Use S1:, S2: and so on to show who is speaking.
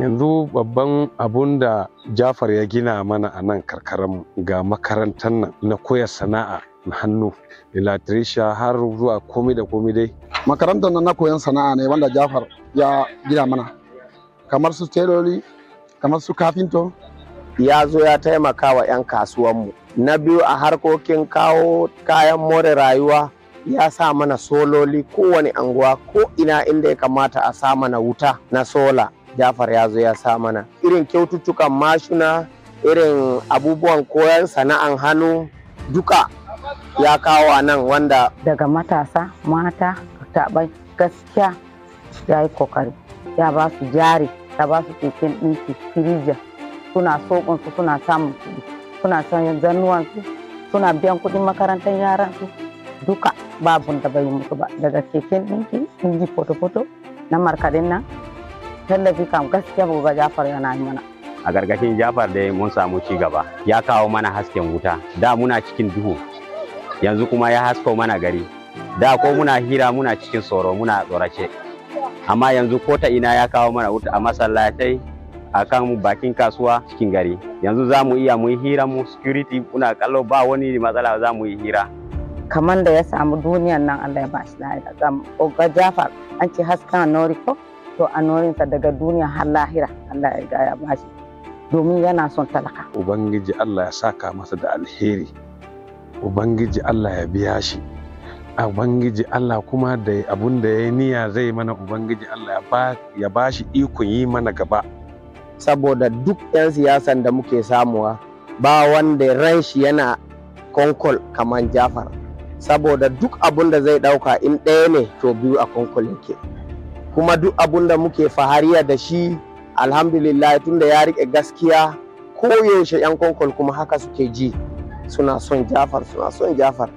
S1: yanzu babban abun da jafar ya gina mana a nan karkaran ga makarantar nan na koya sana'a na hannu electrician har zuwa komai da komai dai makarantar nan na koyan
S2: sana'a ne wanda jafar
S1: ya gina mana kamar su teloli kamar su
S2: kafinto ya zo ya taimaka wa 'yan kasuwanmu na biyu a harkokin kawo kayan more rayuwa ya sa mana sololi kowane anguwa ko ina inda ya kamata a sa mana wuta na sola jafar ya zo ya sa mana irin kyaututtukan mashina irin abubuwan koyon sana'an hannu duka ya kawo a nan wanda
S3: daga matasa mata taɓa gaskiya ya yi kokari ya ba su jari ya ba su keken ɗinki firija suna soƙonsu suna samun kuɗi suna sanya zannuwansu suna biyan kuɗin makarantar yaransu duka babun da bai mutu ba daga keken ɗinki ɗinki foto-foto na markaɗin nan tallafi kam gaskiya ba ga Jafar yana yi mana
S4: a gargashin Jafar dai mun samu ci gaba ya kawo mana hasken wuta da muna cikin duhu yanzu kuma ya hasko mana gari da ko muna hira muna cikin tsoro muna tsorace amma yanzu ko ta ina ya kawo mana wuta a masallatai a kan bakin kasuwa cikin gari yanzu za mu iya mu yi hira mu security kuna kallo ba wani matsala za mu yi hira
S3: kamar da ya samu duniyan nan Allah ya ba shi na ga Jafar an ce haskan Noriko so anoyinsa daga duniya har lahira Allah ya gaya bashi domin yana son talaka
S1: ubangiji Allah ya saka masa da alheri ubangiji Allah ya biya shi ubangiji Allah kuma da abun da ya niyya zai mana ubangiji Allah ya ba shi ikon yi mana gaba saboda duk
S2: 'yan siyasan da muke samuwa ba wanda ran shi yana konkol kamar jafar saboda duk abun da zai dauka in ɗaya ne to biyu a konkol yake kuma duk abun da muke fahariya da shi alhamdulillah tunda ya rike gaskiya koyaushe 'yan kwankwal kuma haka suke ji suna son jafar suna son jafar